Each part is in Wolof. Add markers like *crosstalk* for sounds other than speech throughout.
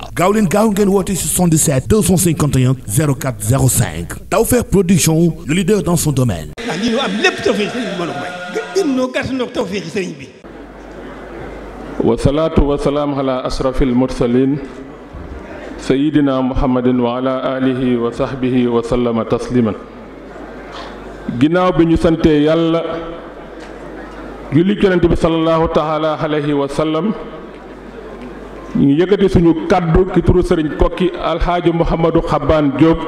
waaw gaaw leen gaaw ngeen woote 77 251 04 05 Tawfekh Production le leader dans son domaine. ah lii ñu am lépp tawfeex sëriñ bi mën a may. gën noo gàtt noo tawfeex sëriñ bi. wasalaatu wasalaam ala asrafil mursalin sayidina muhammadin wa ala alihi wa sahbihi wa sallama tasliman ginnaaw bi ñu sante yàlla julli yonent bi sallallahu taala alayhi wa sallam ñu yëkkati suñu kàddu ki turu sëriñ kokki alxaaji Mouhamadou Xabaan Diop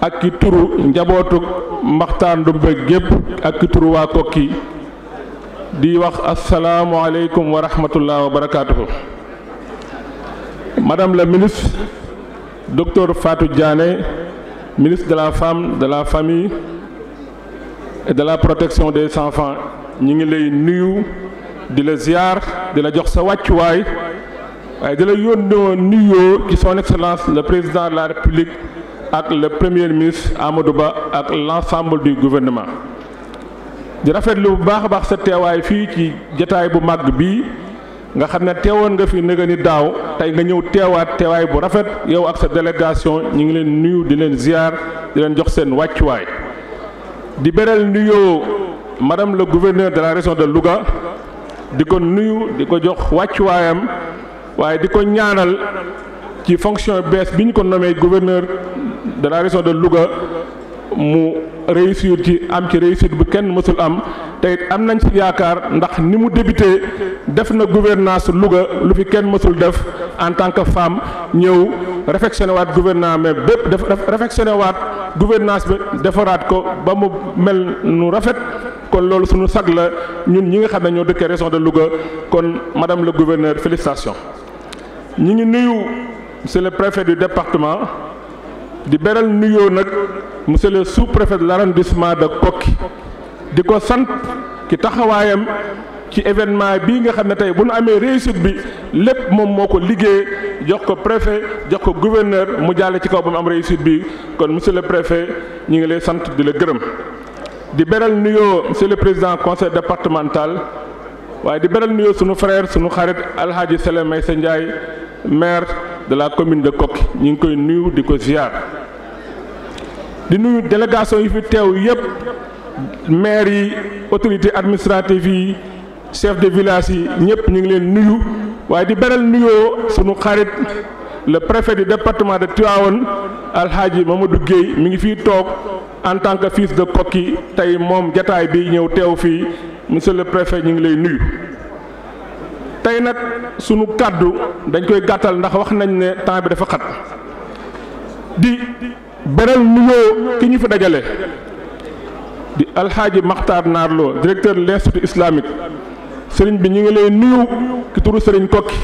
ak ki turu njabootu Maxtaar Ndumbe gépp ak ki turu waa kokki di wax asalaamualeykum wa rahmatullah wa barakaatuhu madame la ministre docteur Fatou Diané ministre de la femme de la famille et de la protection des enfants ñi ngi lay nuyu di la ziar di la jox sa wàccuwaay waaye di la yónnee nuyoo ci son excellence le président de la république ak le première ministre Amadou Ba ak l' ensemble du gouvernement. di rafetlu bu baax a baax sa teewaay fii ci jataay bu màgg bii nga xam ne teewoon nga fi nëga ni daaw tey nga ñëw teewaat teewaay bu rafet yow ak sa délégation ñu ngi leen nuyu di leen ziar di leen jox seen wàccuwaay di beral nuyoo madame le gouverneur de la région de Louga di ko nuyu di ko jox wàccuwaayam. waaye di ko ñaanal ci fonction bees bi ñu ko nommé gouverneur de la région de Louga mu réussir ci am ci réussite bu kenn mësul am te it am nañ ci yaakaar ndax ni mu débuté def na gouvernance Louga lu fi kenn mësul def en tant que femme ñëw réfectionné waat gouvernement bépp def réfectionné waat gouvernance bi defaraat ko ba mu mel nu rafet kon loolu suñu sag la ñun ñi nga xam ne ñoo dëkkee région de Louga kon madame le gouverneur félicitations ñu ngi nuyu monsieur préfet du département di beral nuyoo nag monsieur le sous préfet de l' arrondissement de Koki di ko sant ki taxawaayam ci événement bii nga xam ne tey bu nu amee réussite bi lépp moom moo ko liggéey jox ko préfet jox ko gouverneur mu jàlle ci kaw ba mu am réussite bi kon monsieur le préfet ñu ngi lay sant di la gërëm di beral nuyoo monsieur le président conseil départemental waaye di beral nuyoo sunu frère sunu xarit alhaaji Sele Maysa Ndiaye maire de la commune de Koki ñu ngi koy nuyu di ko ziar di nuyu délégation yi fi teew yépp maire yi autorité administrative yi chef de village yi ñëpp ñu ngi leen nuyu waaye di beral nuyoo sunu xarit le préfet du département de Tivaouane Alhaji ma Guèye mi ngi fii toog en tant que fils de Koki tey moom jataay bi ñëw teew fii monsieur le préfet ñu ngi lay nuyu tey nag sunu kàddu dañ koy gàttal ndax wax nañ ne temps bi dafa xat di beral nuyoo ki ñu fi dajale di alxaaji Maxtaar Naarloo directeur de l'institut islamique sëriñ bi ñu ngi lay nuyu ki turu sëriñ kokki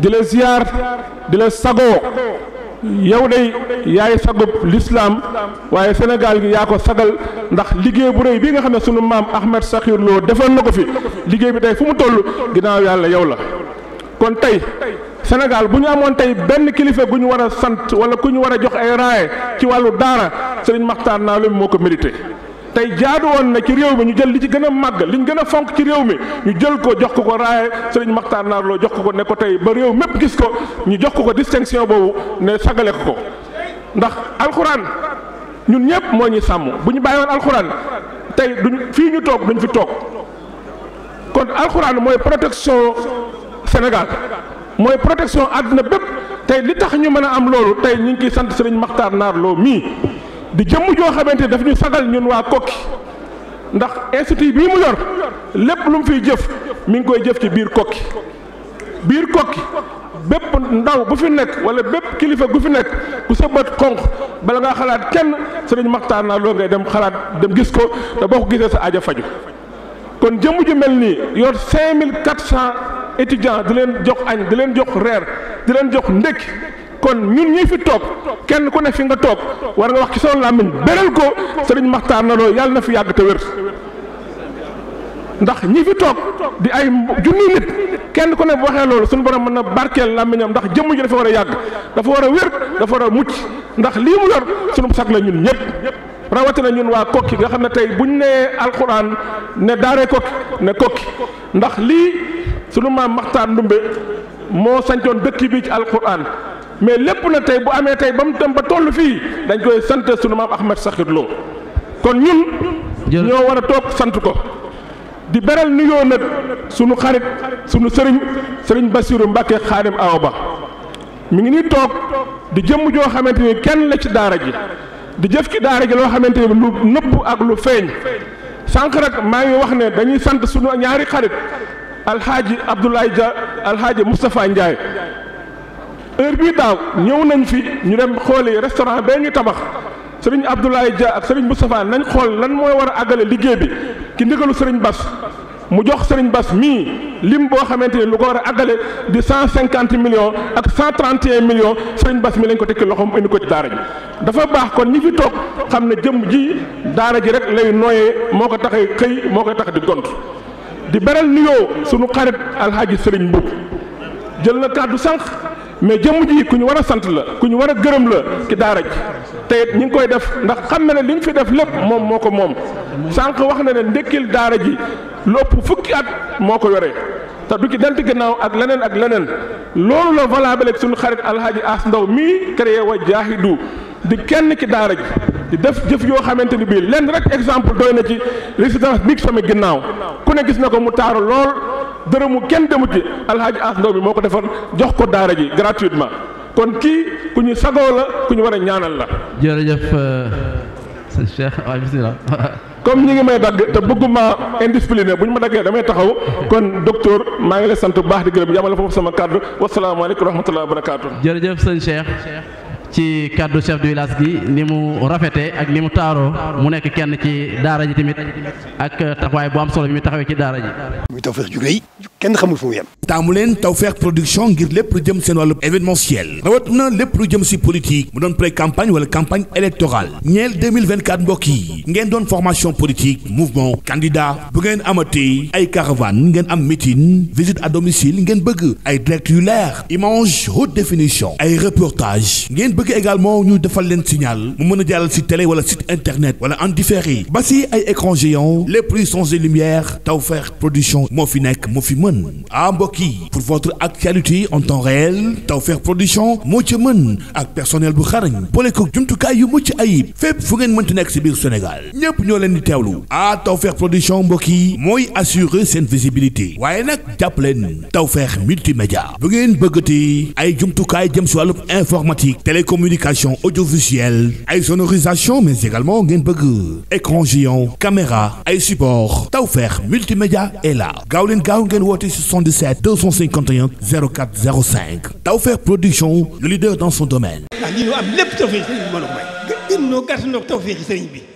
di la ziyaar di la sagoo yow day yaay sagub lislaam waaye Sénégal gi yaa ko sagal ndax liggéey bu rëy bii nga xam ne sunu maam Ahmed Sakhir Lo defoon na ko fi liggéey bi tey fu mu toll ginnaaw yàlla yow la kon tey Sénégal bu ñu amoon tey benn kilifa bu ñu war a sant wala ku ñu war a jox ay raaye ci wàllu daara Serigne Makhtar Nalum moo ko mérité tey jaadu woon na ci réew mi ñu jël li ci gën a màgg liñ gën a fonk ci réew mi ñu jël ko jox ko ko raaye seriñ Maxtaar naarloo jox ko ko ne ko tey ba réew mépp gis ko ñu jox ko ko distinction boobu ne sagale ko ko ndax alxuraan ñun ñëpp moo ñuy sàmm bu ñu bàyyi woon alxuraan tey duñ fii ñu toog duñ fi toog kon alxuraan mooy protection Sénégal mooy protection àdduna bépp tey li tax ñu mën a am loolu tey ñu ngi ciy sant sëriñ Maxtaar naarloo mii. di jëmm joo xamante daf ñu sagal ñun waa kokki ndax institut bii mu yor lépp lu mu fiy jëf mi ngi koy jëf ci biir kokki biir kokki bépp ndaw bu fi nekk wala bépp kilifa gu fi nekk ku sa bët xonq bala ngaa xalaat kenn sëriñ maxtaan naa loo ngay dem xalaat dem gis ko te boo ko gisee sa aaja faju kon jëmm ju mel nii yor 5400 étudiants di leen jox añ di leen jox reer di leen jox ndékki kon ñun ñi fi toog kenn ku ne fi nga toog war nga wax ci solo làmmiñ beral ko sëriñ Maxtaar na loolu yàlla na fi yàgg te wér ndax ñi fi toog di ay junni nit kenn ku ne bu waxee loolu suñu borom mën na barkeel làmmiñam ndax jëmm ji dafa war a yàgg dafa war a wér dafa war a mucc ndax lii mu yor suñu sag la ñun ñëpp rawatina ñun waa kokki nga xam ne tey buñ nee alxuraan ne daaree kokki ne kokki ndax lii suñu maam Maxtaar Ndumbe moo sancoon dëkk bi ci alxuraan mais lépp na tey bu amee tey ba mu dem ba toll fii dañ koy sant sunu maam Ahmed Sakhir loo kon ñun. ñoo war a toog sant ko. di beral nuyoo nag sunu xarit sunu sëriñ sëriñ Bassirou Mbacke Xaadim Awa Ba mu ngi nii toog di jëmm joo xamante ni kenn la ci daara ji di jëf ci daara ji loo xamante ni lu nëbb ak lu feeñ sànq rek maa ngi wax ne dañuy sant sunu ñaari xarit alxaaji Abdoulaye Dia alxaaji Moustapha Ndiaye. heure bii daaw ñëw nañ fi ñu dem xooli restaurant bee ñu tabax sëriñ Abdoulaye Dia ak sëriñ Moustapha nañ xool lan mooy war a liggéey bi ki ndigalu sëriñ Bas mu jox sëriñ Bas mii lim boo xamante ni lu ko war a àggale di cent cinquante millions ak cent trente et un millions sëriñ Bas mi lañ ko tekki loxoom indi ko ci daara ji. dafa baax kon ñi fi toog xam ne jëm ji daara ji rek lay nooyee moo ko tax a xëy moo ko tax di gont di beral nuyoo suñu xarit alxaaji sëriñ Mbuub mais jëmm ji ku ñu war a sant la ku ñu war a gërëm la ci daara ji te it ñu ngi koy def ndax xam na ne li ñu fi def lépp moom moo ko moom sànq wax na ne ndekkil daara ji lopp fukki at moo ko yore te du ci dent gannaaw ak leneen ak leneen loolu la valable ak suñu xarit alhaji as ndaw mii créé wa jaahidu di kenn ki daara ji di def jëf yoo xamante ni bii lenn rek exemple doy na ci résidence bi sama ginnaaw ku ne gis na ko mu taaru lool dërëmu kenn demu ci alhaaji as ndaw mi moo ko defar jox ko daara ji gratuitement kon kii ku ñu sagoo la ku ñu war a ñaanal la. jërëjëf euh, sëñ Cheikh waaye bisimilah. *laughs* comme ñi ngi may dagg te bëgguma indiscipliné bu ñu ma daggee damay taxaw kon docteur maa ngi lay sant bu baax di gërëm yamale foofu sama kàddu wasalaamaaleykum wa rahmatulah wa barakaatu. jërëjëf sëñ Cheikh. ci kaddu chef du village gi ni mu rafetee ak ni mu taaroo mu nekk kenn ci daara ji tamit ak taxawaay bu am solo bi mu taxawee ci daara ji. kenn xamul fu mu yem. taamu leen Tawfekh Production ngir lépp lu jëm seen wàllu événementiel rawat na lépp lu jëm si politique mu doon pré campagne wala campagne électorale ñeel 2024 mbokk yi ngeen doon formation politique mouvement candidat bu ngeen amatee ay caravane ngeen am meeting visite à domicile ngeen bëgg ay direct yu leer image haute définition ay ngeen bëgg également ñu defal leen signal mu mën a jàllal si télé wala site internet wala en différé ba si ay écran géant les prix son moo fi nekk moo fi mën ah, mbokk yi pour votre actualité en temps réel Tawfekh production moo ci mën ak personnel bu xarañ boole ko jumtukaay yu mucc ayib fépp fu ngeen mënti nekk si biir Sénégal ñëpp ñoo leen di teewlu ah Tawfekh production mbokk yi mooy assurer seen visibilité waaye nag jàpp leen Tawfekh multimédia bu ngeen bëgg te ay jumtukaay jëm si wàllu informatique communication audiovisuelle ay sonorisation mais également ngeen bëgg écran géant caméra ay support Tawfekh multimédia est là gaaw leen gaaw ngeen woote 77 251 04 05 Tawfekh production le leader dans son domaine. Ah, am